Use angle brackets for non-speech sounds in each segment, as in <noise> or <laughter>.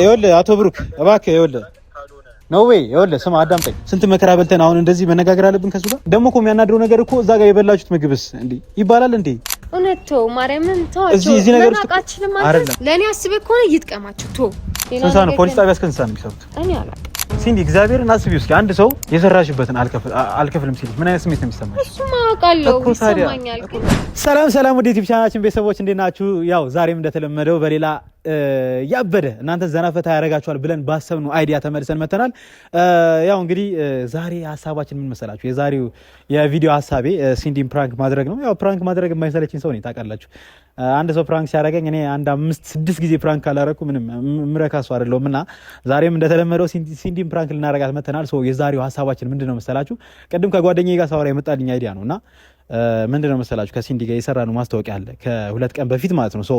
ይኸውልህ አቶ ብሩክ እባክህ ይኸውልህ ነው ወይ ይኸውልህ ስማ አዳምጠኝ ስንት መከራ በልተን አሁን እንደዚህ መነጋገር አለብን ከሱ ጋር ደግሞ እኮ የሚያናድረው ነገር እኮ እዛ ጋር የበላችሁት ምግብስ እንዴ ይባላል እንዴ እውነት ተው ማርያምን ተዋቸው መናቃችንም አይደለም ለእኔ አስቤ ከሆነ ይጥቀማችሁ ቶ ስንት ነው ፖሊስ ጣቢያ እስከ ስንት ሰዓት ነው የሚሰሩት እኔ አላውቅም ሲንዲ እግዚአብሔርን እና እስኪ አንድ ሰው የሰራሽበትን አልከፍልም ሲል ምን አይነት ስሜት ነው የሚሰማሽ? እሱማ አውቃለሁ ይሰማኛል። ሰላም ሰላም፣ ወደ ዩቲዩብ ቻናላችን ቤተሰቦች እንዴት ናችሁ? ያው ዛሬም እንደተለመደው በሌላ ያበደ እናንተ ዘናፈታ ያደርጋችኋል ብለን ባሰብነው አይዲያ ተመልሰን መተናል። ያው እንግዲህ ዛሬ ሀሳባችን ምን መሰላችሁ? የዛሬው የቪዲዮ ሀሳቤ ሲንዲን ፕራንክ ማድረግ ነው። ያው ፕራንክ ማድረግ የማይሰለችኝ ሰው ነኝ ታውቃላችሁ። አንድ ሰው ፕራንክ ሲያደርገኝ እኔ አንድ አምስት ስድስት ጊዜ ፕራንክ ካላረኩ ምንም ምረካ ሰው አይደለሁም። እና ዛሬም እንደተለመደው ሲንዲን ፕራንክ ልናረጋት መተናል። የዛሬው ሀሳባችን ምንድን ነው መሰላችሁ? ቅድም ከጓደኛ ጋር ሳወራ የመጣልኝ አይዲያ ነው እና ምንድን ነው መሰላችሁ ከሲንዲ ጋር ነው ማስታወቂያ አለ ከሁለት ቀን በፊት ማለት ነው። ሶ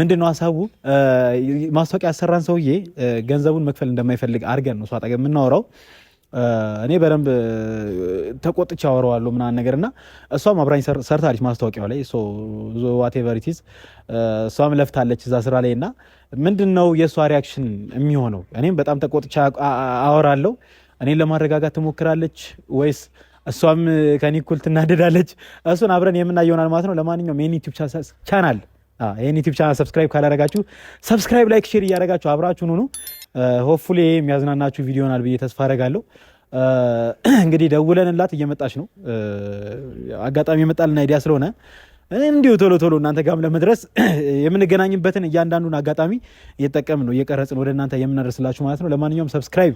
ምንድን ነው ሀሳቡ? ማስታወቂያ ያሰራን ሰውዬ ገንዘቡን መክፈል እንደማይፈልግ አድርገን ነው እሱ አጠገብ የምናወራው እኔ በደንብ ተቆጥቼ አወራዋለሁ ምናምን ነገር እና እሷም አብራኝ ሰርታለች ማስታወቂያው ላይ ዋቴቨር ኢት ኢዝ እሷም ለፍታለች እዛ ስራ ላይ እና ምንድን ነው የእሷ ሪያክሽን የሚሆነው? እኔም በጣም ተቆጥቼ አወራለሁ። እኔን ለማረጋጋት ትሞክራለች ወይስ እሷም ከኔ እኩል ትናደዳለች? እሱን አብረን የምናየው ይሆናል ማለት ነው። ለማንኛውም ይህን ዩቲዩብ ቻናል ይህን ዩቲዩብ ቻናል ሰብስክራይብ ካላረጋችሁ ሰብስክራይብ፣ ላይክ፣ ሼር እያረጋችሁ አብራችሁን ሁኑ። ሆፉሊ የሚያዝናናችሁ ቪዲዮ ናል ብዬ ተስፋ አደርጋለሁ። እንግዲህ ደውለንላት እየመጣች ነው። አጋጣሚ የመጣልን አይዲያ ስለሆነ እንዲሁ ቶሎ ቶሎ እናንተ ጋም ለመድረስ <clears throat> የምንገናኝበትን እያንዳንዱን አጋጣሚ እየጠቀምን ነው እየቀረጽን ወደ እናንተ የምናደርስላችሁ ማለት ነው። ለማንኛውም ሰብስክራይብ፣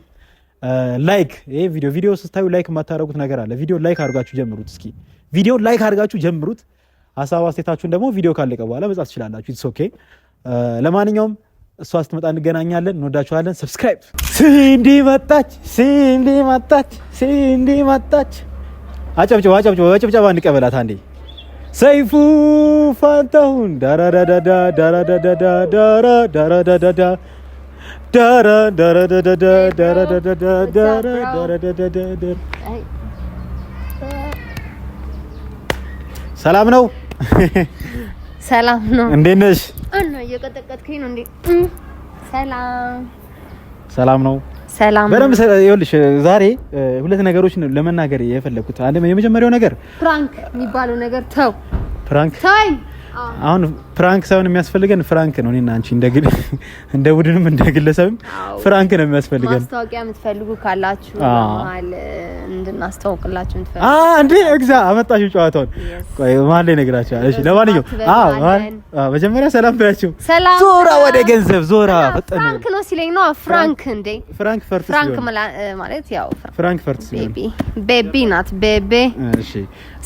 ላይክ ይሄ ቪዲዮ ቪዲዮ ስታዩ ላይክ የማታደርጉት ነገር አለ። ቪዲዮ ላይክ አድርጋችሁ ጀምሩት። እስኪ ቪዲዮ ላይክ አድርጋችሁ ጀምሩት። ሀሳብ አስተያየታችሁን ደግሞ ቪዲዮ ካለቀ በኋላ መጻፍ ትችላላችሁ። ኢትስ ኦኬ። ለማንኛውም እሷ ስትመጣ እንገናኛለን። እንወዳችኋለን። ሰብስክራይብ። ሲንዲ መጣች፣ ሲንዲ መጣች፣ ሲንዲ መጣች። አጨብጭባ አጨብጭባ በጭብጨባ እንቀበላት አንዴ። ሰይፉ ፋንታሁን ዳራዳዳዳ ዳራዳዳዳ ዳራዳዳዳ ዳራዳዳዳ ዳራዳዳዳ ሰላም ነው፣ ሰላም ነው። እንዴት ነሽ? እና እየቀጠቀጥከኝ ነው እንዴ? ሰላም ሰላም ነው። ሰላም በደንብ ይኸውልሽ፣ ዛሬ ሁለት ነገሮችን ለመናገር የፈለኩት አንድ የመጀመሪያው ነገር ፕራንክ የሚባለው ነገር ተው ፕራንክ አሁን ፍራንክ ሳይሆን የሚያስፈልገን ፍራንክ ነው። እኔና አንቺ እንደ ግል <laughs> እንደ ቡድንም እንደ ግለሰብም ፍራንክ ነው የሚያስፈልገን። ማስታወቂያ የምትፈልጉ ካላችሁ ማል እንድናስተዋውቅላችሁ የምትፈልጉ አ እንዴ እግዚአ አመጣችሁ ጨዋታውን። ቆይ ማል ላይ ነግራችኋል። እሺ፣ ለማንኛውም አዎ፣ አዎ፣ መጀመሪያ ሰላም ብያችሁ። ዞራ ወደ ገንዘብ ዞራ ፈጠነ። ፍራንክ ነው ሲለኝ ነው ፍራንክ እንዴ ፍራንክ ፈርት ፍራንክ ማለት ያው ፍራንክ ፈርት ሲሆን ቤቢ ናት ቤቤ። እሺ፣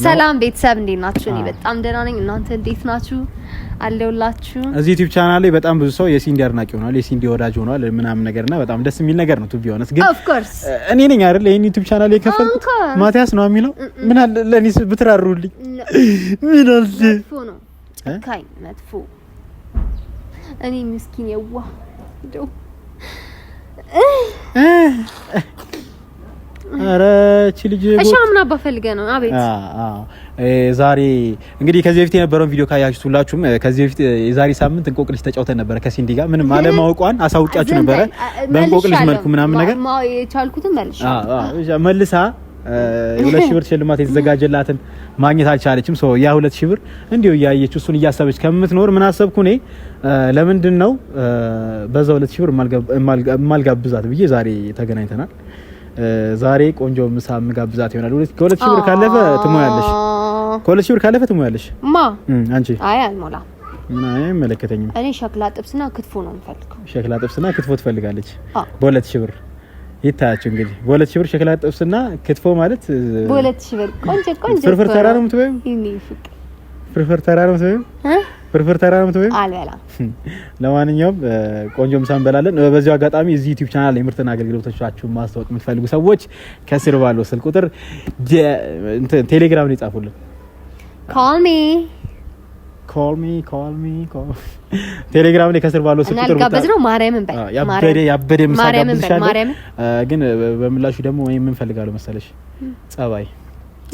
ሰላም ቤተሰብ፣ እንዴት ናችሁ? እኔ በጣም ደህና ነኝ። እናንተ እንዴት ናችሁ? ናችሁ? አለውላችሁ። እዚህ ዩቲብ ቻናል ላይ በጣም ብዙ ሰው የሲንዲ አድናቂ ሆኗል፣ የሲንዲ ወዳጅ ሆኗል ምናምን ነገር እና በጣም ደስ የሚል ነገር ነው። ቱ ቢሆነስ ግን እኔ ነኝ አይደል ይህን ዩቲብ ቻናል የከፈትኩት ማቲያስ ነው የሚለው። ምን አለ ለኔስ ብትራሩልኝ። <laughs> ምን አለ መጥፎ ነው ካይ መጥፎ እኔ ምስኪን የዋ ያቺ ልጅ እሺ፣ አምና ባፈልገ ነው። አቤት ዛሬ እንግዲህ ከዚህ በፊት የነበረውን ቪዲዮ ካያችሁት ሁላችሁም ከዚህ በፊት የዛሬ ሳምንት እንቆቅልሽ ተጫውተን ነበረ ከሲንዲ ጋር ምንም አለማወቋን አሳውቂያችሁ ነበረ። በእንቆቅልሽ መልኩ ምናምን ነገር መልሽ መልሳ የሁለት ሺህ ብር ሽልማት የተዘጋጀላትን ማግኘት አልቻለችም። ሶ ያ ሁለት ሺህ ብር እንዲሁ እያየች እሱን እያሰበች ከምትኖር ምን አሰብኩ እኔ ለምንድን ነው በዛ ሁለት ሺህ ብር የማልጋብዛት ብዬ ዛሬ ተገናኝተናል። ዛሬ ቆንጆ ምሳ ምጋብዛት ይሆናል። ሁለት ከሁለት ሺህ ብር ካለፈ ትሞያለሽ። ከሁለት ሺህ ብር ካለፈ ትሞያለሽ። ማ አንቺ? አይ አልሞላም። ምን አይመለከተኝም። እኔ ሸክላ ጥብስና ክትፎ ነው የምፈልገው። ሸክላ ጥብስና ክትፎ ትፈልጋለች? በሁለት ሺህ ብር ይታያችሁ እንግዲህ በሁለት ሺህ ብር ሸክላ ጥብስና ክትፎ ማለት በሁለት ሺህ ብር ቆንጆ ቆንጆ ፍርፍር ተራ ነው የምትበይው። ፍርፍር ተራ ነው የምትበይው ፍርፍር ተራ ነው የምትበይው? አልበላም። <laughs> ለማንኛውም ቆንጆ ምሳ እንበላለን። በዚሁ አጋጣሚ እዚህ ዩቲዩብ ቻናል የምርትና አገልግሎቶቻችሁን ማስታወቅ የምትፈልጉ ሰዎች ከስር ባለው ስልክ ቁጥር ቴሌግራም ላይ ጻፉልን። ኮልሚ ኮልሚ ኮልሚ ቴሌግራም ላይ ከስር ባለው ስልክ ቁጥር ጋበዝ ነው። ማርያምን በል ያበደ ያበደ ምሳ ጋብዝሻለሁ። ግን በምላሹ ደግሞ ወይ ምን ፈልጋለሁ መሰለሽ? ጸባይ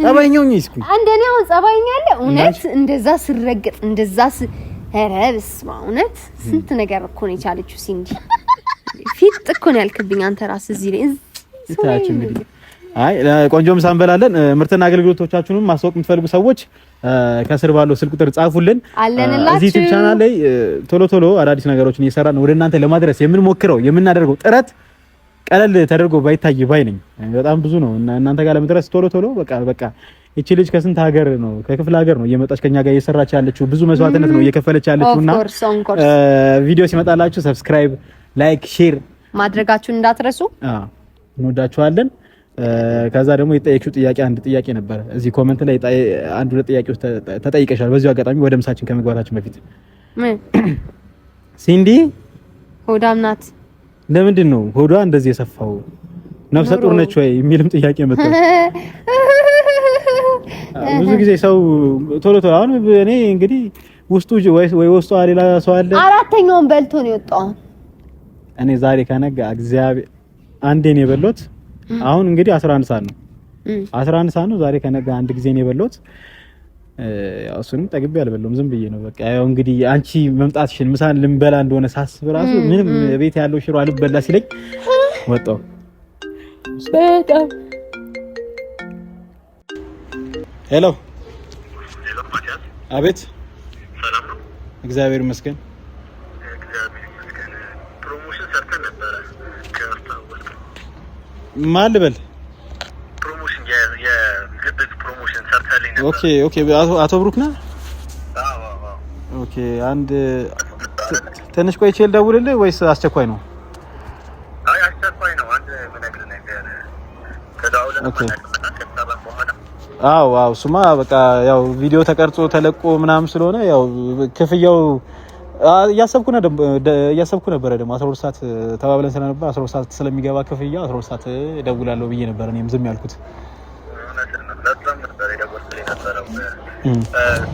ጸባይኛው ነው እስኩ አንደኔ አሁን ጸባይኛ አለ። እውነት እንደዛ ስረገጥ እንደዛ ስ ኧረ በስመ አብ እውነት ስንት ነገር እኮ ነው የቻለችው። ሲንዲ ፊት እኮ ነው ያልክብኝ አንተ ራስህ እዚህ ላይ ይታያችሁ። እንግዲህ አይ ቆንጆ ምሳ እንበላለን። ምርትና አገልግሎቶቻችሁንም ማስታወቅ የምትፈልጉ ሰዎች ከስር ባለው ስልክ ቁጥር ጻፉልን። አለንላችሁ እዚህ ቻናል ላይ ቶሎ ቶሎ አዳዲስ ነገሮችን እየሰራን ወደ እናንተ ለማድረስ የምንሞክረው የምናደርገው ጥረት ቀለል ተደርጎ ባይታይ ባይ ነኝ። በጣም ብዙ ነው እናንተ ጋር ለመድረስ ቶሎ ቶሎ በቃ በቃ እቺ ልጅ ከስንት ሀገር ነው ከክፍለ ሀገር ነው እየመጣች ከኛ ጋር እየሰራች ያለችው ብዙ መስዋዕትነት ነው mm, እየከፈለች ያለችው እና ቪዲዮ ሲመጣላችሁ ሰብስክራይብ፣ ላይክ፣ ሼር ማድረጋችሁን እንዳትረሱ። እንወዳችኋለን። ከዛ ደግሞ የጠየቅሽው ጥያቄ አንድ ጥያቄ ነበረ እዚህ ኮመንት ላይ አንድ ሁለት ጥያቄዎች ተጠይቀሻል። በዚሁ አጋጣሚ ወደ ምሳችን ከመግባታችን በፊት <clears throat> ሲንዲ ሆዳም ናት ለምንድን ነው ሆዷ እንደዚህ የሰፋው? ነፍሰ ጡር ነች ወይ የሚልም ጥያቄ መጣ። <laughs> ብዙ ጊዜ ሰው ቶሎ ቶሎ አሁን እኔ እንግዲህ ውስጡ ወይ ውስጧ ሌላ ሰው አለ። አራተኛውን በልቶ ነው የወጣው። እኔ ዛሬ ከነጋ እግዚአብሔር አንዴ ነው የበሎት። አሁን እንግዲህ 11 ሰዓት ነው፣ 11 ሰዓት ነው። ዛሬ ከነጋ አንድ ጊዜ ነው የበሎት። እሱንም ጠግቤ አልበለውም ዝም ብዬ ነው በቃ። ያው እንግዲህ አንቺ መምጣትሽን ምሳን ልንበላ እንደሆነ ሳስብ ራሱ ምንም ቤት ያለው ሽሮ አልበላ ሲለኝ ወጣው። በጣም ሄሎ። አቤት። እግዚአብሔር ይመስገን። ፕሮሞሽን ሰርተን ነበረ። ማን ልበል ኦኬ ኦኬ። አቶ ብሩክ ነህ? ኦኬ። አንድ ትንሽ ቆይቼ ልደውልልህ ወይስ አስቸኳይ ነው? አይ አስቸኳይ ነው። አንድ ነገር አዎ አዎ። እሱማ በቃ ያው ቪዲዮ ተቀርጾ ተለቆ ምናምን ስለሆነ ያው ክፍያው እያሰብኩ ነበረ ደግሞ አስራ ሁለት ሰዓት ተባብለን ስለነበር አስራ ሰዓት ስለሚገባ ክፍያ አስራ ሰዓት እደውላለሁ ብዬ ነበር እኔም ዝም ያልኩት።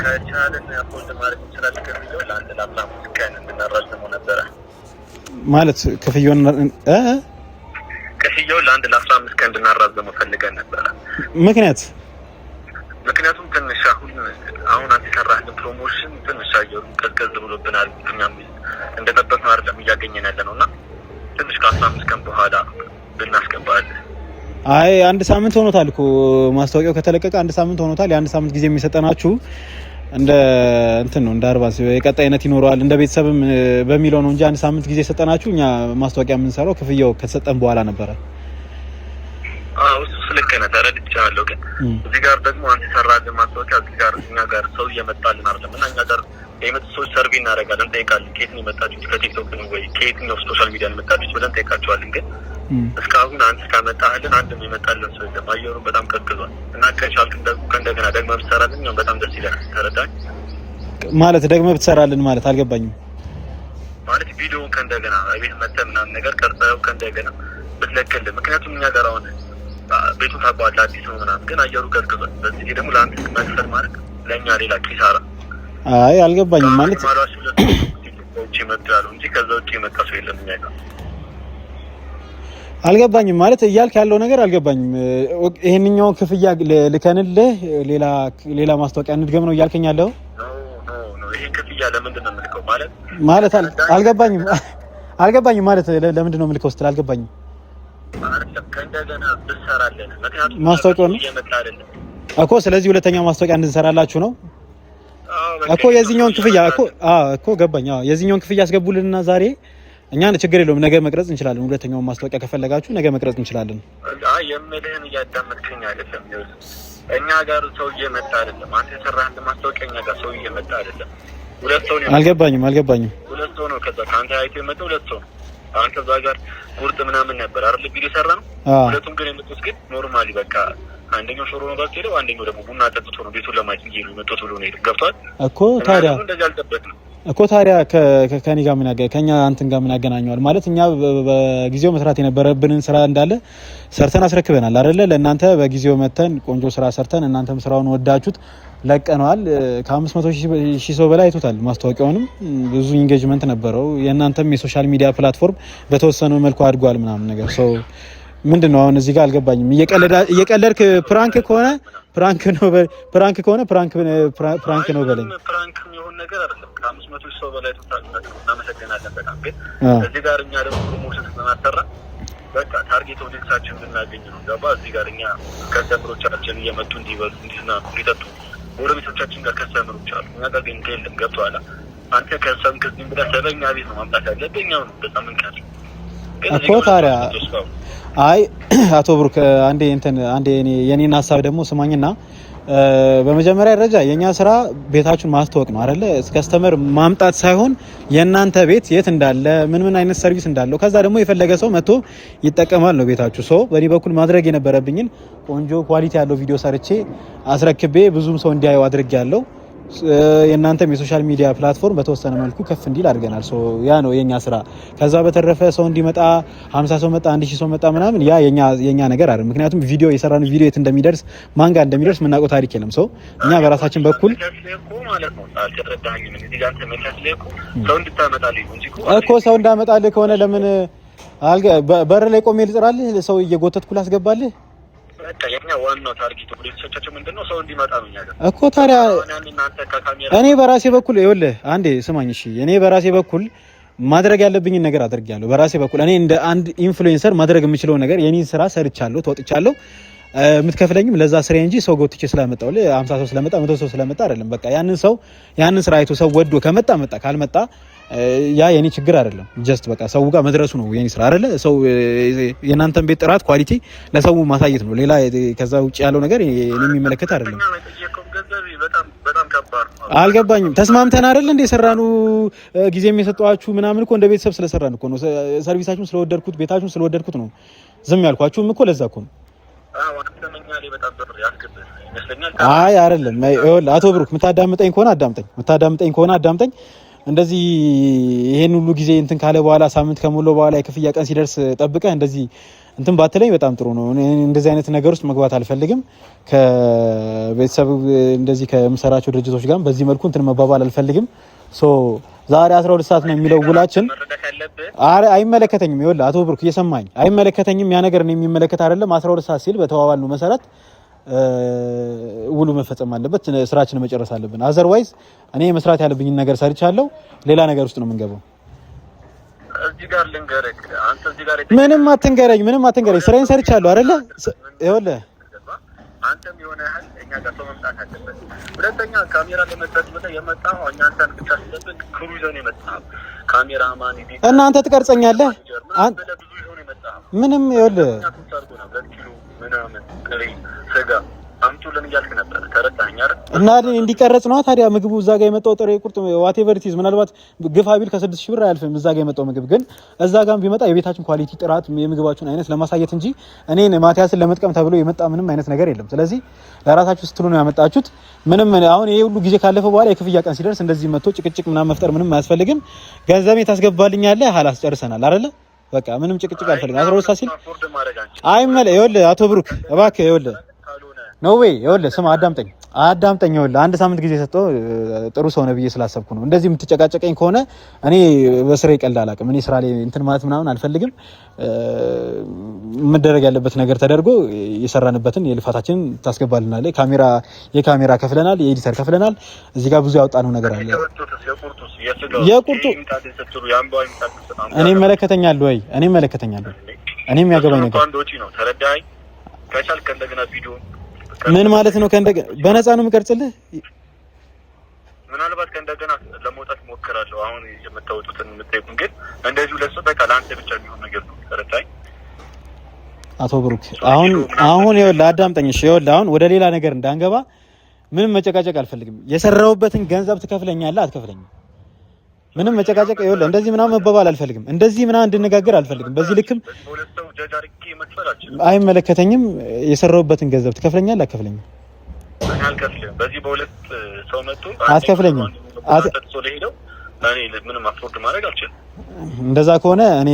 ከቻልን ሆልድ ማድረግ እንችላለን ከሚለው ለአንድ ለአምሳ አምስት ቀን እንድናራዝመው ነበረ ማለት ክፍያውን ክፍያውን ለአንድ ለአስራ አምስት ቀን ፈልገን ነበረ። ምክንያት ምክንያቱም ትንሽ አሁን አሁን አልተሰራልን ፕሮሞሽን ትንሽ አየሩ ቀዝቀዝ ብሎብናል። እንደጠበቅነው አይደለም እያገኘን ያለ ነው እና ትንሽ ከአስራ አምስት ቀን በኋላ ብናስገባለን አይ አንድ ሳምንት ሆኖታል እኮ ማስታወቂያው ከተለቀቀ አንድ ሳምንት ሆኖታል። የአንድ ሳምንት ጊዜ የሚሰጠናችሁ እንደ እንትን ነው እንደ አርባንስ የቀጣይነት ይኖረዋል እንደ ቤተሰብም በሚለው ነው እንጂ አንድ ሳምንት ጊዜ የሰጠናችሁ እኛ ማስታወቂያ የምንሰራው ክፍያው ከተሰጠን በኋላ ነበረ። እሱ ልክ ነህ፣ ግን እዚህ ጋር ደግሞ አንተ ሰራልን ማስታወቂያ እዚህ ጋር እኛ ጋር ሰው እየመጣልን አይደለም እና እኛ ጋር የመጡ ሰዎች ሰርቪ እናደርጋለን፣ እንጠይቃለን። ከየት ነው የመጣችሁት? ከቲክቶክ ነው ወይ ከየት ነው ሶሻል ሚዲያ የመጣችሁት ብለን እንጠይቃቸዋለን ግን እስካሁን አንድ እስካመጣልን አንድ የመጣልን ሰው የለም። አየሩን በጣም ቀቅዟል እና ከቻልክ ከእንደገና ደግመህ ብትሰራልን በጣም ደስ ይለናል። ተረዳኝ። ማለት ደግመህ ብትሰራልን ማለት አልገባኝም። ማለት ቪዲዮውን ከእንደገና ቤት መተህ ምናምን ነገር ቀርጸው ከእንደገና ብትለቅልን፣ ምክንያቱም እኛ ጋር አሁን ቤቱ ታውቀዋለህ አዲስ ነው ምናምን፣ ግን አየሩ ቀዝቅዟል። በዚህ ደግሞ ለአንተ መክፈል ማድረግ ለእኛ ሌላ ኪሳራ። አይ አልገባኝም ማለት ውጭ መጡ ያሉ እንጂ ከዛ ውጭ የመጣ ሰው የለም እኛ ጋር አልገባኝም ማለት እያልክ ያለው ነገር አልገባኝም። ይሄንኛውን ክፍያ ልከንልህ ሌላ ማስታወቂያ እንድገም ነው እያልከኝ ያለው ማለት አልገባኝም። አልገባኝም ማለት ለምንድን ነው የምልከው ስትል አልገባኝም። ማስታወቂያ ነው እኮ ስለዚህ ሁለተኛ ማስታወቂያ እንድንሰራላችሁ ነው እኮ የዚህኛውን ክፍያ እኮ ገባኝ። የዚህኛውን ክፍያ አስገቡልንና ዛሬ እኛ ችግር የለውም፣ ነገ መቅረጽ እንችላለን። ሁለተኛውን ማስታወቂያ ከፈለጋችሁ ነገ መቅረጽ እንችላለን። የምልህን እያዳመጥከኝ አይደለም። እኛ ጋር ሰው እየመጣ አይደለም። አንተ የሰራ አንድ ማስታወቂያ እኛ ጋር ሰው እየመጣ አይደለም። ሁለት ሰው ነው። አልገባኝም፣ አልገባኝም። ሁለት ሰው ነው። ከዛ ከአንተ አይቶ የመጣ ሁለት ሰው ነው። አንተ እዛ ጋር ቁርጥ ምናምን ነበር አይደል? ቪዲዮ የሰራ ነው። ሁለቱም ግን የመጡት ግን ኖርማሊ በቃ አንደኛው ሾሮ ነው ባክ ሄደው፣ አንደኛው ደግሞ ቡና ጠጥቶ ነው ቤቱን ለማግኘት ነው የመጡት ብሎ ነው ገብቷል እኮ ታዲያ እንደዚህ ነው እኮ ታዲያ ከኔ ጋር ምን ከኛ አንተን ጋር ምን ያገናኘዋል? ማለት እኛ በጊዜው መስራት የነበረብንን ስራ እንዳለ ሰርተን አስረክበናል አይደለ? ለእናንተ በጊዜው መተን ቆንጆ ስራ ሰርተን እናንተም ስራውን ወዳችሁት ለቀነዋል። ከአምስት መቶ ሺህ ሰው በላይ አይቶታል። ማስታወቂያውንም ብዙ ኢንጌጅመንት ነበረው። የእናንተም የሶሻል ሚዲያ ፕላትፎርም በተወሰነ መልኩ አድጓል ምናምን ነገር ምንድን ነው አሁን እዚህ ጋር አልገባኝም። እየቀለድክ ፕራንክ ከሆነ ፕራንክ ነው ፕራንክ ከሆነ ፕራንክ ፕራንክ ነው በለኝ። በቃ ታርጌት ኦዲንሳችን እንድናገኝ ነው። ገባ እዚህ ጋር እኛ ከስተምሮቻችን እየመጡ እንዲበሉ፣ እንዲዝናኑ፣ እንዲጠጡ ጎረቤቶቻችን ጋር ከስተምሮች አሉ። እኛ ጋር ግን የለም። ገብቶሃል? አንተ ከሰም ከዚህም ብላ ሰበኛ ቤት ነው ማምጣት ያለብህ እኛው ነው በጣም እንቀር እኮ ታዲያ አይ <clears throat> አቶ ብሩክ አንዴ እንትን አንዴ የኔን ሀሳብ ደግሞ ስማኝና በመጀመሪያ ደረጃ የኛ ስራ ቤታችን ማስተዋወቅ ነው አይደለ? ከስተመር ማምጣት ሳይሆን የእናንተ ቤት የት እንዳለ ምን ምን አይነት ሰርቪስ እንዳለው ከዛ ደግሞ የፈለገ ሰው መጥቶ ይጠቀማል ነው ቤታችሁ። ሶ በእኔ በኩል ማድረግ የነበረብኝን ቆንጆ ኳሊቲ ያለው ቪዲዮ ሰርቼ አስረክቤ ብዙም ሰው እንዲያየው አድርጌ ያለው የእናንተም የሶሻል ሚዲያ ፕላትፎርም በተወሰነ መልኩ ከፍ እንዲል አድርገናል። ያ ነው የኛ ስራ። ከዛ በተረፈ ሰው እንዲመጣ ሀምሳ ሰው መጣ፣ አንድ ሺህ ሰው መጣ ምናምን ያ የኛ ነገር አይደለም። ምክንያቱም ቪዲዮ የሰራን ቪዲዮ የት እንደሚደርስ ማን ጋር እንደሚደርስ የምናውቀው ታሪክ የለም። ሰው እኛ በራሳችን በኩል እኮ ሰው እንዳመጣልህ ከሆነ ለምን በር ላይ ቆሜ ልጥራልህ? ሰው እየጎተትኩ ላስገባልህ ዋናው ታርጌት ወደተሰቻቸው ምንድን ነው ሰው እንዲመጣ ነው እኮ። ታዲያ እኔ በራሴ በኩል ይኸውልህ፣ አንዴ ስማኝ እሺ። እኔ በራሴ በኩል ማድረግ ያለብኝን ነገር አድርጌያለሁ። በራሴ በኩል እኔ እንደ አንድ ኢንፍሉዌንሰር ማድረግ የምችለው ነገር የኔን ስራ ሰርቻለሁ፣ ተወጥቻለሁ። የምትከፍለኝም ለዛ ስራ እንጂ ሰው ጎትቼ ስለመጣው ለ 50 ሰው ስለመጣ 100 ሰው ስለመጣ አይደለም። በቃ ያንን ሰው ያንን ስራ አይቶ ሰው ወዶ ከመጣ መጣ፣ ካልመጣ ያ የኔ ችግር አይደለም። ጀስት በቃ ሰው ጋር መድረሱ ነው የኔ ስራ አይደለ። ሰው የእናንተን ቤት ጥራት ኳሊቲ ለሰው ማሳየት ነው። ሌላ ከዛ ውጭ ያለው ነገር እኔ የሚመለከት አይደለም። አልገባኝም። ተስማምተን አይደል እንደ የሰራኑ ጊዜ የሰጠኋችሁ ምናምን እኮ እንደ ቤተሰብ ስለሰራን እኮ ነው። ሰርቪሳችሁን ስለወደድኩት፣ ቤታችሁን ስለወደድኩት ነው ዝም ያልኳችሁም እኮ ለዛ እኮ ነው። አይ አይደለም። አቶ ብሩክ የምታዳምጠኝ ከሆነ አዳምጠኝ፣ የምታዳምጠኝ ከሆነ አዳምጠኝ እንደዚህ ይሄን ሁሉ ጊዜ እንትን ካለ በኋላ ሳምንት ከሞላ በኋላ የክፍያ ቀን ሲደርስ ጠብቀ እንደዚህ እንትን ባትለኝ በጣም ጥሩ ነው። እንደዚህ አይነት ነገር ውስጥ መግባት አልፈልግም። ከቤተሰብ እንደዚህ ከምሰራቸው ድርጅቶች ጋር በዚህ መልኩ እንትን መባባል አልፈልግም። ሶ ዛሬ 12 ሰዓት ነው የሚለው ውላችን። አረ አይመለከተኝም። ይኸውልህ አቶ ብሩክ እየሰማኝ አይመለከተኝም። ያ ነገር ነው የሚመለከት አይደለም። 12 ሰዓት ሲል በተዋዋልነው መሰረት ውሉ መፈጸም አለበት። ስራችን መጨረስ አለብን። አዘርዋይዝ እኔ መስራት ያለብኝን ነገር ሰርቻለሁ፣ ሌላ ነገር ውስጥ ነው የምንገባው። ምንም አትንገረኝ፣ ምንም አትንገረኝ። ስራዬን ሰርቻለሁ አይደለ? ይኸውልህ አንተም ያህል እኛ ጋር ሰው መምጣት አለበት። ሁለተኛ ካሜራ እኛ አንተን ብቻ ስለብን ክሩ ይዘን እና አንተ ትቀርጸኛለህ። ምንም ይኸውልህ ምናምን እና እንዲቀረጽ ነዋ ታዲያ ምግቡ እዛ ጋ የመጣው ጥሬ ቁርጥ ዋቴቨር ኢት ኢዝ። ምናልባት ግፋ ቢል ከስድስት ሺህ ብር አያልፍም እዛ ጋ የመጣው ምግብ። ግን እዛ ጋም ቢመጣ የቤታችን ኳሊቲ ጥራት፣ የምግባችን አይነት ለማሳየት እንጂ እኔን ማቲያስን ለመጥቀም ተብሎ የመጣ ምንም አይነት ነገር የለም። ስለዚህ ለራሳችሁ ስትሉ ነው ያመጣችሁት። ምንም አሁን ይሄ ሁሉ ጊዜ ካለፈ በኋላ የክፍያ ቀን ሲደርስ እንደዚህ መጥቶ ጭቅጭቅ ምናምን መፍጠር ምንም አያስፈልግም። ገንዘቤ ታስገባልኛለህ፣ ሀላስ ጨርሰናል አይደለ በቃ ምንም ጭቅጭቅ አልፈልግም። አስራ ሁለት ሰዓት ሲል አይ ይኸውልህ፣ አቶ ብሩክ እባክህ ይኸውልህ ነው ወይ? ይኸውልህ ስም አዳምጠኝ አዳምጠኝ። ይኸውልህ አንድ ሳምንት ጊዜ ሰጠው ጥሩ ሰው ነው ብዬ ስላሰብኩ ነው። እንደዚህ የምትጨቃጨቀኝ ከሆነ እኔ በስራ ቀልድ አላውቅም። እኔ ስራ ላይ እንትን ማለት ምናምን አልፈልግም። መደረግ ያለበት ነገር ተደርጎ የሰራንበትን የልፋታችን ታስገባልናል። ካሜራ የካሜራ ከፍለናል፣ የኤዲተር ከፍለናል። እዚህ ጋር ብዙ ያወጣነው ነገር አለ። የቁርጡ እኔ መለከተኛል ወይ? እኔ መለከተኛል እኔ የሚያገባኝ ነገር ከቻልክ እንደገና ቪዲዮ ምን ማለት ነው? ከእንደገና በነፃ ነው የምቀርጽልህ። ምናልባት ከእንደገና ለመውጣት ሞክራለሁ። አሁን የምታወጡትን የምጠይቁን ግን እንደዚሁ ለሱ በቃ ለአንተ ብቻ የሚሆን ነገር ነው። ተረዳኝ አቶ ብሩክ። አሁን አሁን ይኸውልህ አዳምጠኝ። እሺ ይኸውልህ አሁን ወደ ሌላ ነገር እንዳንገባ ምንም መጨቃጨቅ አልፈልግም። የሰራሁበትን ገንዘብ ትከፍለኛለህ አትከፍለኝም? ምንም መጨቃጨቅ ይኸውልህ፣ እንደዚህ ምናምን መባባል አልፈልግም። እንደዚህ ምናምን እንድነጋገር አልፈልግም። በዚህ ልክም አይመለከተኝም። የሰራሁበትን ገንዘብ ትከፍለኛለህ? አከፍለኝም አትከፍለኝም። እንደዛ ከሆነ እኔ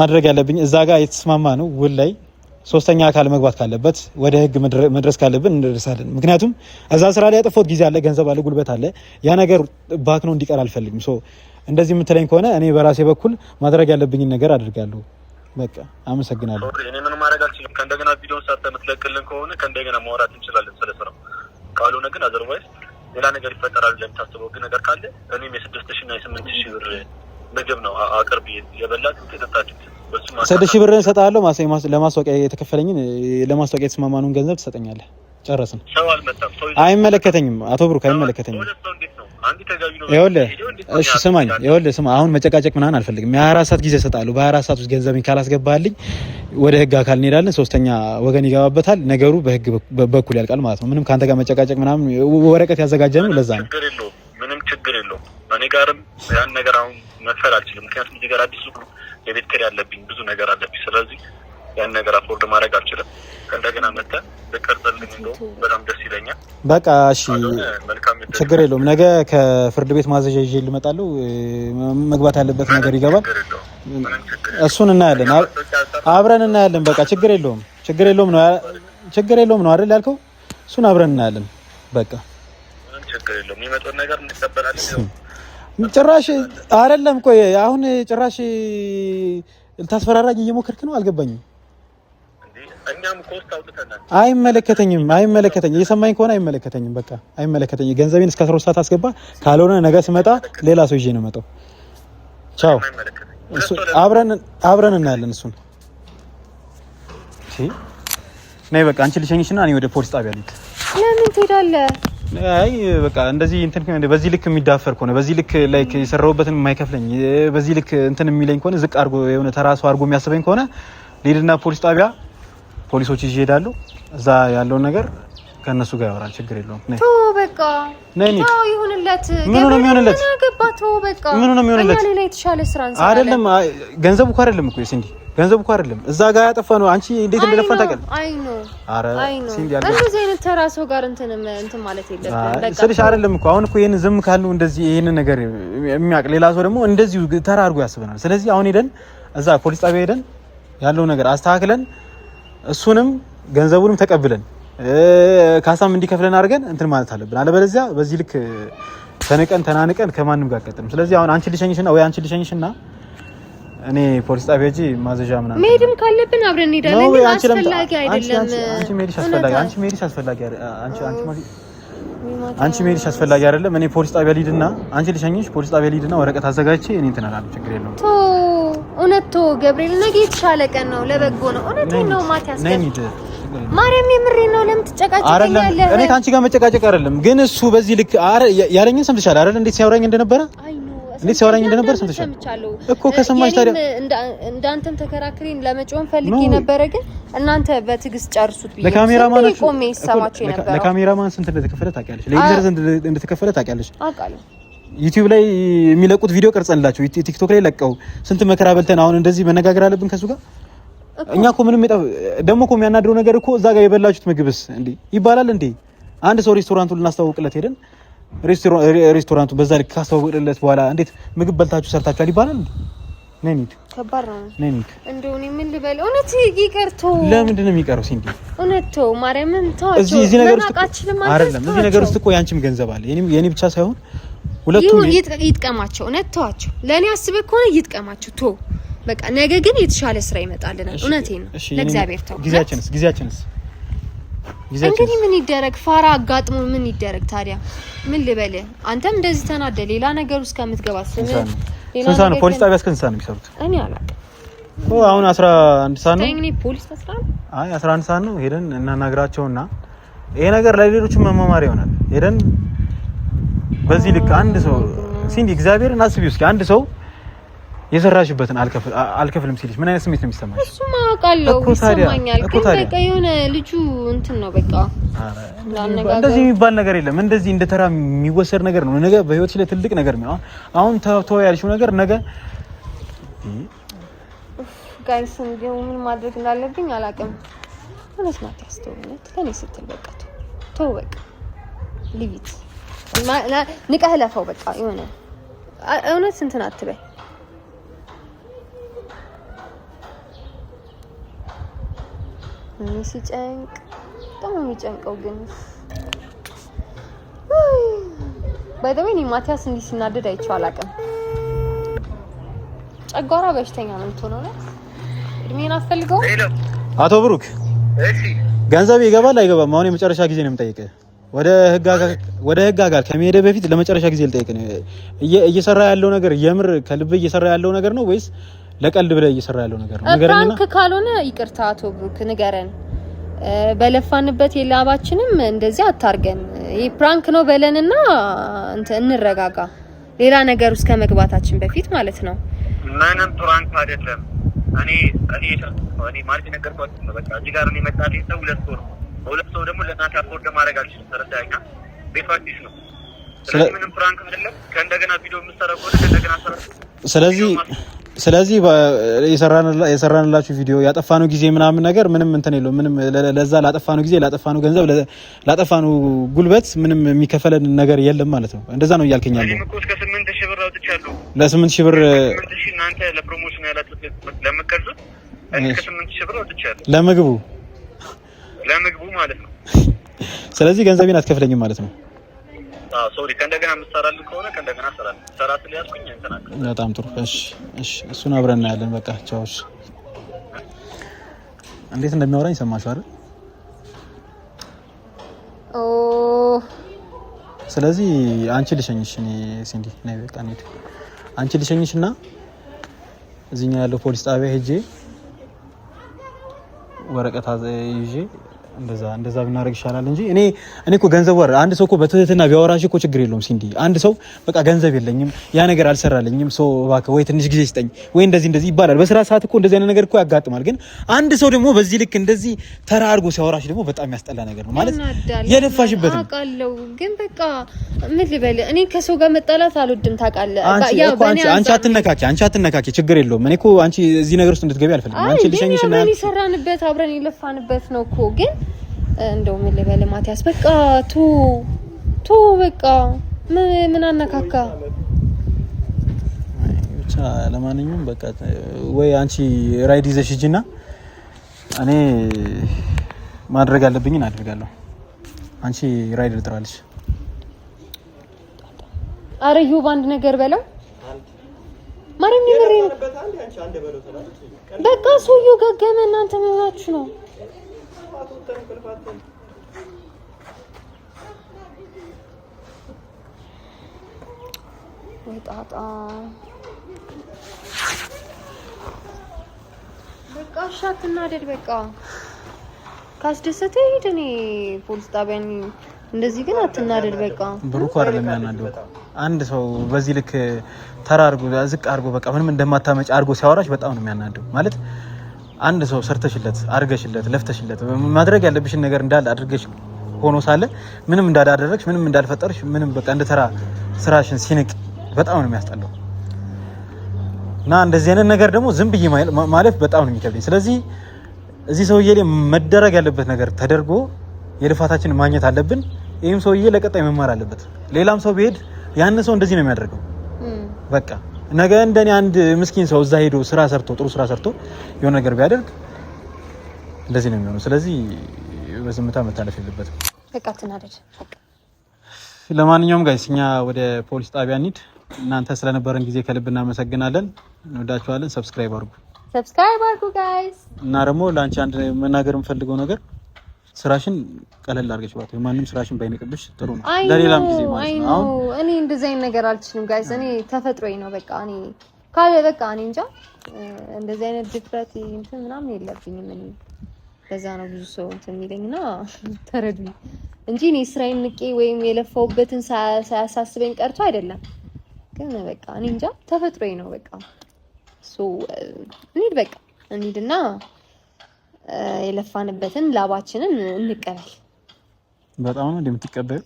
ማድረግ ያለብኝ እዛ ጋር የተስማማ ነው ውል ላይ ሶስተኛ አካል መግባት ካለበት ወደ ህግ መድረስ ካለብን እንደርሳለን። ምክንያቱም እዛ ስራ ላይ ያጠፋሁት ጊዜ አለ፣ ገንዘብ አለ፣ ጉልበት አለ። ያ ነገር ባክኖ እንዲቀር አልፈልግም። እንደዚህ የምትለኝ ከሆነ እኔ በራሴ በኩል ማድረግ ያለብኝን ነገር አድርጋለሁ። በቃ አመሰግናለሁ። እኔ ምን ማድረግ አልችልም። ከእንደገና ቪዲዮን ሰርተ የምትለቅልን ከሆነ ከእንደገና ማውራት እንችላለን ስለ ስራው። ካልሆነ ግን አዘርዋይስ ሌላ ነገር ይፈጠራል ለምታስበው ግን ነገር ካለ እኔም የስድስት ሺ እና የስምንት ሺ ብር ምግብ ነው አቅርብ የበላችሁ የጠጣችሁት ስድስት ሺህ ብርህን እሰጥሃለሁ። ለማስታወቂያ የተከፈለኝን ለማስታወቂያ የተስማማነውን ገንዘብ ትሰጠኛለህ። ጨረስን። አይመለከተኝም፣ አቶ ብሩክ አይመለከተኝም። ይኸውልህ እሺ ስማኝ፣ ይኸውልህ ስማ፣ አሁን መጨቃጨቅ ምናምን አልፈልግም። የሀያ አራት ሰዓት ጊዜ እሰጥሃለሁ። በሀያ አራት ሰዓት ውስጥ ገንዘብ ካላስገባህልኝ ወደ ህግ አካል እንሄዳለን። ሶስተኛ ወገን ይገባበታል። ነገሩ በህግ በኩል ያልቃል ማለት ነው። ምንም ከአንተ ጋር መጨቃጨቅ ምናምን፣ ወረቀት ነው። ለዛ ነው። ምንም ችግር የለውም። እኔ ጋርም ያን ነገር አሁን መክፈል አልችልም፣ ምክንያቱም እዚህ ጋር አዲስ የቤት ክር ያለብኝ ብዙ ነገር አለብኝ። ስለዚህ ያን ነገር አፎርድ ማድረግ አልችልም። ከእንደገና መተ ልቀርጸልኝ እንደው በጣም ደስ ይለኛል። በቃ እሺ፣ ችግር የለውም። ነገ ከፍርድ ቤት ማዘዣ ይዤ ልመጣለሁ። መግባት ያለበት ነገር ይገባል። እሱን እናያለን፣ አብረን እናያለን። በቃ ችግር የለውም፣ ችግር የለውም ነው ችግር የለውም ነው አይደል ያልከው? እሱን አብረን እናያለን። በቃ ችግር የለውም። የሚመጣውን ነገር እንቀበላለን። ጭራሽ አይደለም። ቆይ አሁን ጭራሽ ልታስፈራራኝ እየሞከርክ ነው? አልገባኝም። አይመለከተኝም፣ አይመለከተኝም። እየሰማኝ ከሆነ አይመለከተኝም። በቃ አይመለከተኝም። ገንዘቤን እስከ 13 ሰዓት አስገባ፣ ካልሆነ ነገ ስመጣ ሌላ ሰው ይዤ ነው መጣው። ቻው። አብረን እናያለን። እሱን ነይ፣ በቃ አንቺ ልሸኝሽና እና እኔ ወደ ፖሊስ ጣቢያ ልሂድ። ለምን ትሄዳለህ? አይ በቃ እንደዚህ እንትን በዚህ ልክ የሚዳፈር ከሆነ በዚህ ልክ ላይክ የሰራሁበትን የማይከፍለኝ በዚህ ልክ እንትን የሚለኝ ከሆነ ዝቅ አድርጎ የሆነ ተራሱ አድርጎ የሚያስበኝ ከሆነ ሊድና ፖሊስ ጣቢያ ፖሊሶች ይዤ እሄዳለሁ። እዛ ያለውን ነገር ከእነሱ ጋር ያወራል። ችግር የለውም። ቶ በቃ ነኝ ነው ይሁንለት። ምን ነው የሚሆንለት? ገባቶ በቃ ምን ነው የሚሆንለት? የተሻለ ስራ አይደለም። ገንዘቡ እኮ አይደለም እኮ ሲንዲ ገንዘብ እኮ አይደለም እዛ ጋር ያጠፋ ነው። አንቺ እንዴት እንደለፋን ታውቂያለሽ። አይ ነው አይ ነው። አይነት ተራ ሰው ጋር ማለት አይደለም እኮ አሁን እኮ ይሄን ዝም ካሉ እንደዚህ ይሄንን ነገር የሚያውቅ ሌላ ሰው ደግሞ እንደዚሁ ተራ አድርጎ ያስበናል። ስለዚህ አሁን ሄደን እዛ ፖሊስ ጣቢያ ሄደን ያለው ነገር አስተካክለን እሱንም ገንዘቡንም ተቀብለን ካሳም እንዲከፍለን አድርገን እንትን ማለት አለብን። አለበለዚያ በዚህ ልክ ተንቀን ተናንቀን ከማንም ጋር ቀጥልም። ስለዚህ አሁን አንቺ ልሸኝሽና ወይ አንቺ ልሸኝሽና እኔ ፖሊስ ጣቢያ ሂጂ ማዘዣ ምናምን መሄድም ካለብን አብረን እንሄዳለን። ግን አስፈላጊ አይደለም። አንቺ መሄድሽ አስፈላጊ አንቺ መሄድሽ አስፈላጊ አንቺ አንቺ አንቺ መሄድሽ አስፈላጊ አይደለም። እኔ ፖሊስ ጣቢያ ልሂድና አንቺ ልሸኝሽ ፖሊስ ጣቢያ ልሂድና ወረቀት አዘጋጅቼ እኔ እንትን አላለሁ። ችግር የለውም። ቶ እውነት ቶ ገብርኤል ነገ የተሻለ ቀን ነው። ለበጎ ነው። እውነት ነው። ማቲያስ ነኝ ማርያም የምሬ ነው። ለምን ትጨቃጨቀኛለህ? እኔ ከአንቺ ጋር መጨቃጨቅ አይደለም። ግን እሱ በዚህ ልክ ያለኝን ሰምተሻል አይደል? እንዴት ሲያወራኝ እንደነበረ አይ እንዴት ሲያወራኝ እንደነበር ሰምተሻል እኮ ከሰማሽ ታዲያ እንዳንተም ተከራክሬን ለመጮን ፈልጌ ነበረ፣ ግን እናንተ በትዕግስት ጨርሱት ብዬ ለካሜራማን ቆሜ ይሰማቸው ነበር። ለካሜራማን ስንት እንደተከፈለ ታውቂያለሽ? ለኤዲተር እንደተከፈለ ታውቂያለሽ? አውቃለሁ። ዩቲዩብ ላይ የሚለቁት ቪዲዮ ቀርጸንላቸው ቲክቶክ ላይ ለቀው ስንት መከራ በልተን አሁን እንደዚህ መነጋገር አለብን ከሱ ጋር እኛ እኮ ምንም ይጣ ደግሞ እኮ የሚያናድረው ነገር እኮ እዛ ጋር የበላችሁት ምግብስ እንዴ ይባላል እንዴ? አንድ ሰው ሬስቶራንቱን ልናስተዋውቅለት ሄደን ሬስቶራንቱ በዛ ልክ ካስተዋወቅለት በኋላ እንዴት ምግብ በልታችሁ ሰርታችኋል ይባላል? ነኒት ከባድ ነው። ነኒት እንደው እኔ ምን ልበል? እውነት ይቀርቶ ለምንድን ነው የሚቀረው? ሲንዲ እውነት ተው፣ ማርያምን ተው። እዚህ ነገር ውስጥ አይደለም። እዚህ ነገር ውስጥ እኮ ያንቺም ገንዘብ አለ፣ የኔ ብቻ ሳይሆን ሁለቱም ይጥቀማቸው። እውነት ተዋቸው። ለእኔ አስበህ ከሆነ ይጥቀማቸው። ቶ በቃ። ነገ ግን የተሻለ ስራ ይመጣልናል። እውነቴን ነው። ለእግዚአብሔር ተው። ጊዜያችንስ ጊዜያችንስ እንግዲህ ምን ይደረግ፣ ፋራ አጋጥሞ ምን ይደረግ ታዲያ። ምን ልበል፣ አንተም እንደዚህ ተናደ፣ ሌላ ነገር ውስጥ ከምትገባ ስንት ሰዓት ነው ፖሊስ ጣቢያ? እስከ ስንት ነው የሚሰሩት? እኔ አላውቅም። አሁን አስራ አንድ ሰዓት ነው ፖሊስ። አይ አስራ አንድ ሰዓት ነው። ሄደን እናናግራቸውና ይሄ ነገር ለሌሎችም መማማሪያ ይሆናል። ሄደን በዚህ ልክ አንድ ሰው ሲንዲ እግዚአብሔርን አስቢው እስኪ አንድ ሰው የሰራሽበትን አልከፍልም ሲልሽ ምን አይነት ስሜት ነው የሚሰማሽ? እሱማ አውቃለሁ ይሰማኛል። ግን በቃ የሆነ ልጁ እንትን ነው በቃ እንደዚህ የሚባል ነገር የለም። እንደዚህ እንደ ተራ የሚወሰድ ነገር ነው። ነገ በህይወት ላይ ትልቅ ነገር ነው። አሁን ተው ያልሽው ነገር ነገ ጋይስ እንዲሁ ምን ማድረግ እንዳለብኝ አላውቅም። መስማት ያስተውነት ከኔ ስትል በቃ ተው በቃ ሊቪት ንቀህ ለፈው በቃ የሆነ እውነት እንትን አትበይ ሲጨንቅ በጣም ነው የሚጨንቀው። ግን ባይደዌ እኔ ማቲያስ እንዲህ ሲናደድ አይቼው አላውቅም። ጨጓራ በሽተኛ ነው የምትሆነው። እድሜን አስፈልገው አቶ ብሩክ ገንዘብ ይገባል አይገባም? አሁን የመጨረሻ ጊዜ ነው የምጠይቅህ። ወደ ህግ አካል ከመሄደ በፊት ለመጨረሻ ጊዜ ነው። እየሰራ ያለው ነገር የምር ከልብ እየሰራ ያለው ነገር ነው ወይስ ለቀልድ ብለህ እየሰራ ያለው ነገር ነው። ፕራንክ ካልሆነ ይቅርታ አቶ ብሩክ ንገረን። በለፋንበት የላባችንም እንደዚህ አታርገን። ይሄ ፕራንክ ነው በለንና እንረጋጋ። ሌላ ነገር ውስጥ ከመግባታችን በፊት ማለት ነው። ምንም ፕራንክ አይደለም። እኔ እኔ እኔ ማለት የነገርኳችሁ ነው። በቃ እዚህ ጋር እኔ መጣልኝ ሰው ሁለት ሰው ነው። በሁለት ሰው ደግሞ ለእናንተ አፎርድ ማድረግ አልችልም። ተረዳኛ። ቤቷችሁ ነው። ስለዚህ ምንም ፕራንክ አይደለም። ከእንደገና ቪዲዮ የምትሰራ ከሆነ ከእንደገና ሰራ ስለዚህ ስለዚህ የሰራንላችሁ ቪዲዮ ያጠፋነው ጊዜ ምናምን ነገር ምንም እንትን የለውም። ምንም ለዛ ላጠፋነው ጊዜ ላጠፋነው ገንዘብ ላጠፋነው ጉልበት ምንም የሚከፈለን ነገር የለም ማለት ነው። እንደዛ ነው እያልከኝ ያለው። ለስምንት ሺህ ብር ለምግቡ ለምግቡ ማለት ነው። <laughs> ስለዚህ ገንዘቤን አትከፍለኝም ማለት ነው። ሶሪ ከእንደገና የምትሰራልኝ ከሆነ ከእንደገና ሰራ ስለያዝኩኝ በጣም ጥሩ እሺ፣ እሺ። እሱን አብረን እናያለን። በቃ ቻው። እሺ። እንዴት እንደሚያወራኝ ሰማችሁ አይደል? ኦ ስለዚህ አንቺ ልሸኝሽ። እኔ ሲንዲ ነይ፣ በቃ እንሂድ። አንቺ ልሸኝሽ እና እዚህኛው ያለው ፖሊስ ጣቢያ ሄጄ ወረቀት ይዤ እንደዛ እንደዛ ብናደርግ ይሻላል እንጂ እኔ እኔ እኮ ገንዘብ ወር አንድ ሰው እኮ በትህትና ቢያወራሽ እኮ ችግር የለውም ሲንዲ። አንድ ሰው በቃ ገንዘብ የለኝም፣ ያ ነገር አልሰራልኝም፣ ሰው እባክህ ወይ ትንሽ ጊዜ ስጠኝ ወይ እንደዚህ እንደዚህ ይባላል። በስራ ሰዓት እኮ እንደዚህ አይነት ነገር እኮ ያጋጥማል። ግን አንድ ሰው ደግሞ በዚህ ልክ እንደዚህ ተራ አድርጎ ሲያወራሽ ደግሞ በጣም ያስጠላ ነገር ነው ማለት የለፋሽበት አውቃለሁ፣ ግን በቃ ምን ልበል እኔ ከሰው ጋር መጣላት አልወድም። ታውቃለህ፣ አንቺ አትነካኪ፣ አንቺ አትነካኪ፣ ችግር የለውም። እኔ እኮ አንቺ እዚህ ነገር ውስጥ እንድትገቢ አልፈልግም። አንቺ ልሸኝሽ እና አብረን የለፋንበት ነው እኮ ግን እንደው ምን ልበል ማቲያስ፣ በቃ ቱ ቱ በቃ ምን አነካካ። ብቻ ለማንኛውም በቃ ወይ አንቺ ራይድ ይዘሽ ሂጂና እኔ ማድረግ አለብኝ አድርጋለሁ። አንቺ ራይድ ልጥራልሽ። አረዩ በአንድ ነገር በለው ማርያም፣ ይመረኝ በቃ ሰውዬው ገገመ። እናንተ ምን ሆናችሁ ነው? እንትን ቁልፋትን ወጣጣ በቃ አትናደድ። በቃ ካስደሰተ ሂድ። እኔ ፖሊስ ጣቢያ እንደዚህ ግን አትናደድ። በቃ ብሩክ አይደለም ያናደው አንድ ሰው በዚህ ልክ ተራ አድርጎ ዝቅ አድርጎ በቃ ምንም እንደማታመጭ አድርጎ ሲያወራች በጣም ነው የሚያናደው ማለት አንድ ሰው ሰርተሽለት አድርገሽለት ለፍተሽለት ማድረግ ያለብሽን ነገር እንዳለ አድርገሽ ሆኖ ሳለ ምንም እንዳላደረግሽ ምንም እንዳልፈጠርሽ ምንም በቃ እንደ ተራ ስራሽን ሲንቅ በጣም ነው የሚያስጠላው። እና እንደዚህ አይነት ነገር ደግሞ ዝም ብዬ ማለፍ በጣም ነው የሚከብደኝ። ስለዚህ እዚህ ሰውዬ ላይ መደረግ ያለበት ነገር ተደርጎ የልፋታችን ማግኘት አለብን። ይህም ሰውዬ ለቀጣይ መማር አለበት። ሌላም ሰው ቢሄድ ያን ሰው እንደዚህ ነው የሚያደርገው በቃ ነገ እንደኔ አንድ ምስኪን ሰው እዛ ሄዶ ስራ ሰርቶ ጥሩ ስራ ሰርቶ የሆነ ነገር ቢያደርግ እንደዚህ ነው የሚሆነው። ስለዚህ በዝምታ መታለፍ የለበትም። በቃ ትናደድ። ለማንኛውም ጋይስ እኛ ወደ ፖሊስ ጣቢያ እንሂድ። እናንተ ስለነበረን ጊዜ ከልብ እናመሰግናለን። እንወዳችኋለን። ሰብስክራይብ አድርጉ፣ ሰብስክራይብ አድርጉ ጋይስ። እና ደግሞ ለአንቺ አንድ መናገር የምፈልገው ነገር ስራሽን ቀለል አድርገሽ ባት ማንም ስራሽን ባይነቅብሽ ጥሩ ነው። ለሌላም ጊዜ ማለት ነው። እኔ እንደዚህ አይነት ነገር አልችልም ጋይስ። እኔ ተፈጥሮዬ ነው በቃ። እኔ ካለ በቃ እኔ እንጃ እንደዚህ አይነት ድፍረት እንትን ምናምን የለብኝም እኔ በዛ ነው ብዙ ሰው እንትን የሚለኝና <laughs> ተረዱ እንጂ እኔ ስራዬን ንቄ ወይም የለፋውበትን ሳያሳስበኝ ቀርቶ አይደለም። ግን በቃ እኔ እንጃ ተፈጥሮዬ ነው በቃ። ሶ እንሂድ uh, በቃ እንሂድና የለፋንበትን ላባችንን እንቀበል። በጣም ነው እንደምትቀበሉ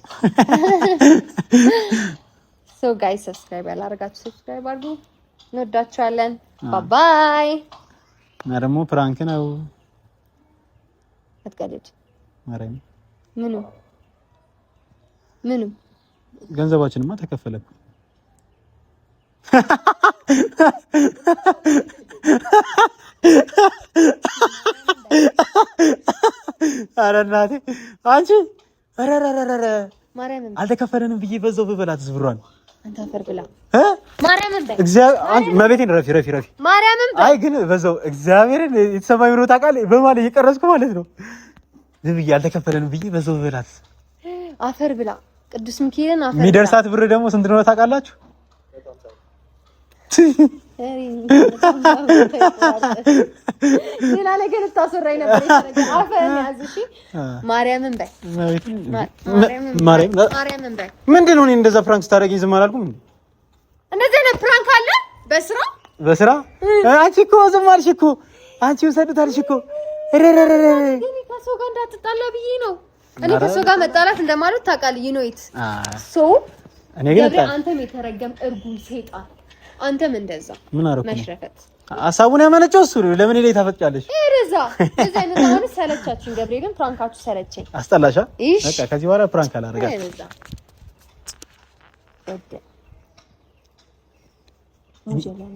ሶ ጋይ ሰብስክራይብ ያላደረጋችሁ ሰብስክራይብ አድርጉ። እንወዳችኋለን። ባባይ። እና ደግሞ ፕራንክ ነው። አትቀልድ። ምኑ ምኑ ገንዘባችንማ ተከፈለብን። ኧረ እናቴ አንቺ ረረረረ አልተከፈለንም ብዬ በዛው ብበላት ዝብሯን መቤቴን ረፊ ረፊ ረፊ አይ ግን በዛው እግዚአብሔርን የተሰማኝ ብሎ ታውቃለህ በማለት እየቀረስኩ ማለት ነው። ዝም ብዬ አልተከፈለንም ብዬ በዛው ብበላት አፈር ብላ ቅዱስ ሚካኤልን የሚደርሳት ብር ደግሞ ስንት ነው ታውቃላችሁ? ሌላ ነገር እታስወራኝ ነበር። ማርያምን በይ ማርያምን በይ። ምንድን ነው እኔ እንደዛ ፕራንክ ስታደርጊ ዝም አላልኩም? እንደዚህ አይነት ፕራንክ አለ በስራ በስራ። አንቺ እኮ ዝም አልሽ እኮ አንቺ ውሰዱት አልሽ እኮ። ከሰው ጋር እንዳትጣላ ብዬ ነው። እኔ ከሰው ጋር መጣላት እንደማለት ታውቃለህ። ዩኖይት ሶ እኔ ግን አንተም የተረገም እርጉም ሴጣን አንተም እንደዛ ምን አረኩ መሽረፈት ሀሳቡን ያመነጨው እሱ ነው። ለምን ላይ ታፈጫለሽ? እረዛ እዛ አይነት አሁን ሰለቻችሁኝ። ገብርኤልን ፕራንካችሁ ሰለቸኝ። አስጠላሻ። በቃ ከዚህ በኋላ ፕራንክ አላደርጋትም። እረዛ ወደ ሙጀላን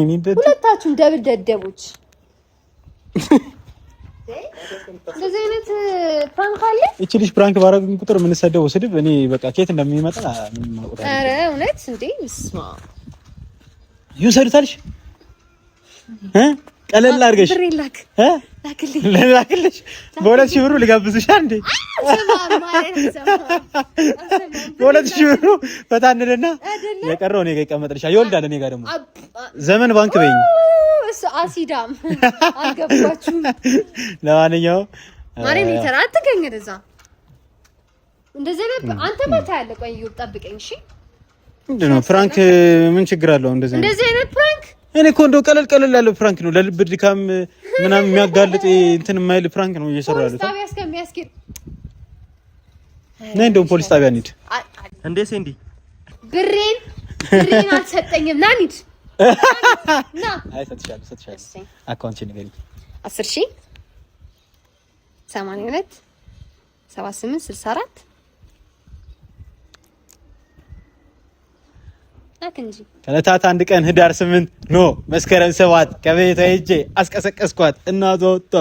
ደደ ሁለታችሁም ደብል ደደቦች እንደዚህ አይነት ፕራንክ አለ። እቺ ልጅ ፕራንክ ባረግን ቁጥር የምንሰደው ስድብ እኔ በቃ ኬት እንደሚመጣ ኧረ እውነት እንዴ ስማ ይውሰዱታልሽ ቀለል አድርገሽ ላክልሽ። በሁለት ሺህ ብሩ ልጋብዝሻ እንዴ? በሁለት ሺህ ብሩ በታንልና የቀረው እኔ ጋ ይቀመጥልሻል። ይወልዳል። እኔ ጋር ደግሞ ዘመን ባንክ በይኝ ጎበስ አሲዳም አልገባችሁም። ለማንኛውም ማርያም ሊተራ አትገኝ እንደዛ እንደዚህ ነበር። አንተ ማታ ያለ ቆይ ይሁን ጠብቀኝ። እሺ ምንድን ነው ፍራንክ? ምን ችግር አለው? እንደዚህ እንደዚህ አይነት ፍራንክ እኔ እኮ እንደው ቀለል ቀለል ያለው ፍራንክ ነው። ለልብ ድካም ምናምን የሚያጋልጥ እንትን የማይል ፍራንክ ነው ያለው። እየሰሩ ያሉት። ነይ እንደውም ፖሊስ ጣቢያ እንሂድ። እንዴ ሴንዲ ብሬን ብሬን አልሰጠኝም። ና እንሂድ <laughs> አካውንት ንገሪኝ። አስር ሰማንያ ሁለት ሰባ ስምንት ስልሳ አራት አንድ ቀን ህዳር ስምንት ኖ መስከረም ሰባት ከቤቷ ሄጄ አስቀሰቀስኳት እና ዘወጣ።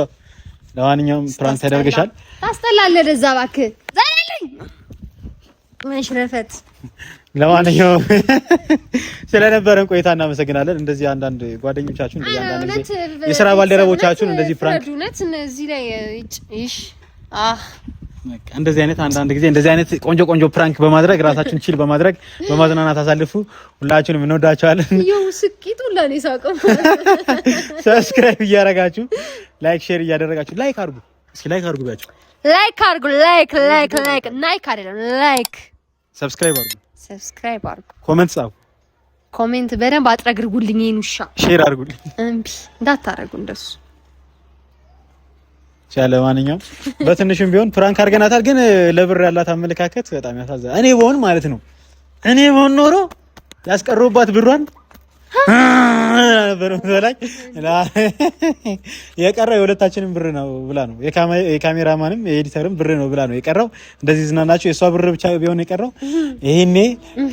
ለማንኛውም ፕራንክ ተደርገሻል። ታስጠላለህ። እዛ እባክህ ዘላለኝ መሽረፈት ለማንኛውም <laughs> ስለነበረን ቆይታ እናመሰግናለን። እንደዚህ አንዳንድ ጓደኞቻችሁን እንደዚህ አንዳንድ የስራ ባልደረቦቻችሁን እንደዚህ ፍራንክ እነዚህ ላይ እሺ፣ አህ እንደዚህ አይነት አንዳንድ ጊዜ እንደዚህ አይነት ቆንጆ ቆንጆ ፕራንክ በማድረግ ራሳችሁን ቺል በማድረግ በማዝናናት አሳልፉ። ሁላችሁንም እንወዳችኋለን። <laughs> ይኸው ስቂቱ ላኔ ሳቀም ሰብስክራይብ እያደረጋችሁ ላይክ ሼር እያደረጋችሁ ላይክ አድርጉ። እስኪ ላይክ አድርጉ ቢያችሁ ላይክ አድርጉ ላይክ ላይክ ላይክ ናይክ አይደለም ላይክ ሰብስክራይብ አድርጉ፣ ሰብስክራይብ አድርጉ፣ ኮሜንት ጻፉ፣ ኮሜንት በደንብ አጥረግርጉልኝ፣ ይሄን ውሻ ሼር አድርጉልኝ። እምቢ እንዳታረጉ እንደሱ ቻለ። ማንኛውም በትንሹም ቢሆን ፕራንክ አድርገናታል፣ ግን ለብር ያላት አመለካከት በጣም ያሳዝናል። እኔ በሆን ማለት ነው እኔ በሆን ኖሮ ያስቀሩባት ብሯን በላይ <laughs> የቀረው የሁለታችንም ብር ነው ብላ ነው። የካሜራማንም የኤዲተርም ብር ነው ብላ ነው የቀረው። እንደዚህ ዝናናቸው የእሷ ብር ብቻ ቢሆን የቀረው ይሄኔ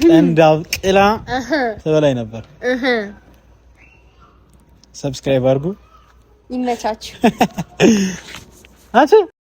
ቀንዳብ ቅላ ተበላይ ነበር። ሰብስክራይብ አድርጉ። ይመቻችሁ። <laughs>